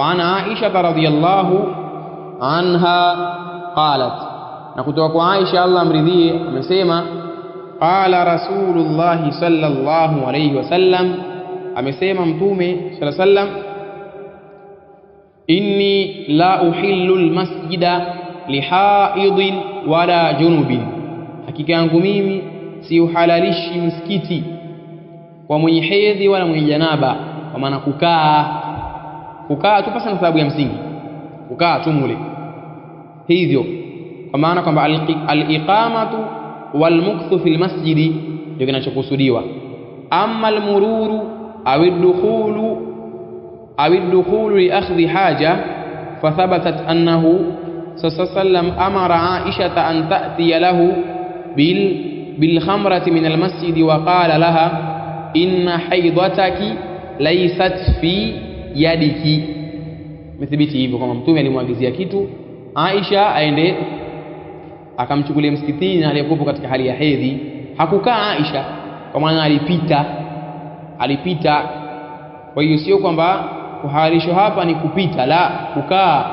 وعن عائشة رضي الله عنها قالت نكتوك عائشة الله مرضيه أمسيما قال رسول الله صلى الله عليه وسلم أمسيما متومي صلى الله عليه وسلم إني لا أحل المسجد lihaidin wala junubin, hakika yangu mimi siuhalalishi msikiti kwa mwenye hedhi wala mwenye janaba, kwa maana kukaa kukaa tu pasa na sababu ya msingi kukaa tu mule hivyo kwa maana kwamba al-iqamatu wal-mukthu fil masjid ndio kinachokusudiwa amma al-mururu aw au dukhulu aw au dukhulu li akhdhi haja fa thabatat annahu sallallahu sallam amara aishata an ta'ti lahu bil bilkhamrati min al-masjid wa qala laha inna haidhataki laysat fi yadiki. Imethibiti hivyo kwamba Mtume alimwagizia kitu Aisha aende akamchukulia msikitini, na aliyekuwepo katika hali ya hedhi hakukaa Aisha, kwa maana alipita, alipita. Kwa hiyo sio kwamba kuharisho hapa ni kupita, la kukaa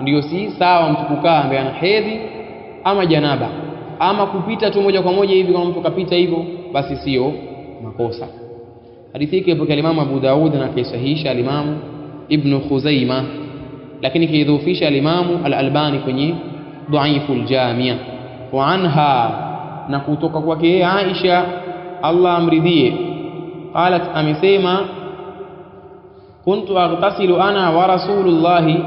ndio si sawa, mtu kukaa ambaye ana hedhi ama janaba ama kupita tu moja kwa moja hivi, kama mtu kapita hivyo, basi sio makosa. حديثي كيبك الإمام أبو داوود داود نكيسهيش الإمام ابن خزيمة لكن كيذوفيش الإمام الألباني كني ضعيف الجامية وعنها نكوتوك وكي عائشة الله أمرديه قالت أمسيما كنت أغتسل أنا ورسول الله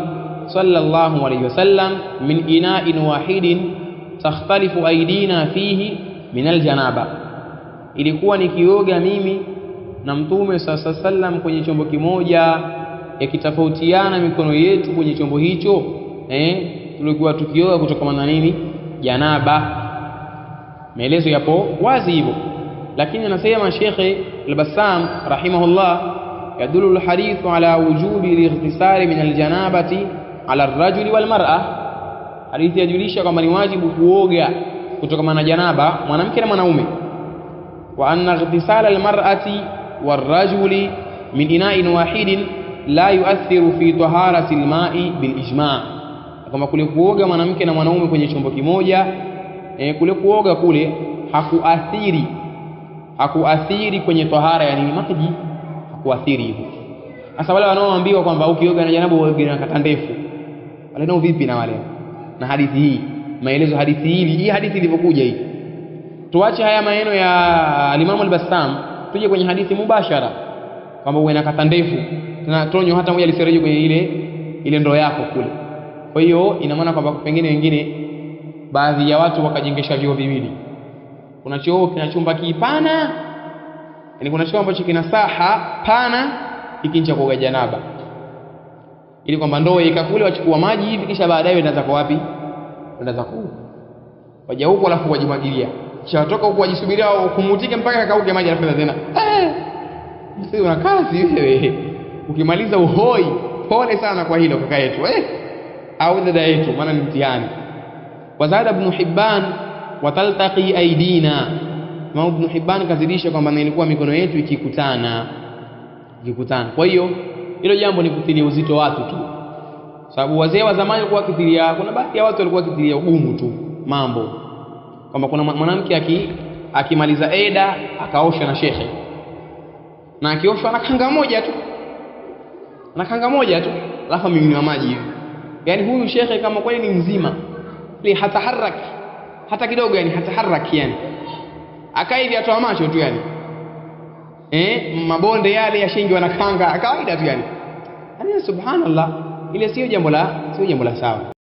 صلى الله عليه وسلم من إناء واحد تختلف أيدينا فيه من الجنابة ilikuwa nikioga mimi na Mtume sasa sallam kwenye chombo kimoja, yakitofautiana mikono yetu kwenye chombo hicho eh, tulikuwa tukioga kutokana na nini? Janaba. Maelezo yapo wazi hivyo, lakini anasema Shekhe Albassam rahimahullah, yadulu lhadithu ala wujubi lightisali min aljanabati ala rajuli walmara. Hadithi yajulisha kwamba ni wajibu kuoga kutokana na janaba mwanamke na mwanaume, wa anna ightisala almarati والرجل من ina'in wahidin la yuathiru fi taharati lmai bilijma, kwamba kule kuoga mwanamke na mwanaume kwenye chombo kimoja e, kule kuoga kule hakuathiri hakuathiri kwenye tahara, yani maji hakuathiri hivyo. Sasa wale wanaoambiwa kwamba ukioga na janabu uoge na kata ndefu, wale nao vipi na wale na hadithi hii, maelezo hadithi hii hii hadithi ilivyokuja hii, tuache haya maneno ya Alimamu Albassam tuje kwenye hadithi mubashara kwamba uwe na kata ndefu na tonyo hata moja lisireje kwenye ile ile ndoo yako kule. Kwa hiyo ina maana kwamba pengine wengine baadhi ya watu wakajengesha vyoo viwili, kuna choo kina chumba kipana, yani kuna choo ambacho kina saha pana, hiki kwa janaba, ili kwamba ndoo ika kule, wachukua maji hivi, kisha baadaye wenda kwa wapi, wenda zako waja huko, alafu wajimwagilia chatoka huko ajisubiria kumutike mpaka akauke maji, anapenda tena eh, una kazi wewe. Ukimaliza uhoi, pole sana kwa hilo kaka yetu eh, au dada yetu, maana ni mtihani. Wazada Ibn Hibban wataltaqi aidina, Imam Ibn Hibban kazidisha kwamba ilikuwa mikono yetu ikikutana, ikikutana. Kwa hiyo hilo jambo ni kutilia uzito watu tu, sababu wazee wa zamani walikuwa wakitilia, kuna baadhi ya watu walikuwa wakitilia ugumu tu mambo kwamba kuna mwanamke aki akimaliza eda akaosha na shekhe, na akioshwa na kanga moja tu na kanga moja tu, alafu amiminiwa maji hiyo. Yani huyu shekhe kama kweli ni mzima, li hataharaki hata kidogo, yani hataharaki, yani akaa hivi atoa macho tu yani eh, mabonde yale yashingiwa na kanga kawaida tu yani. Yaani, subhanallah, ile sio jambo la sio jambo la sawa.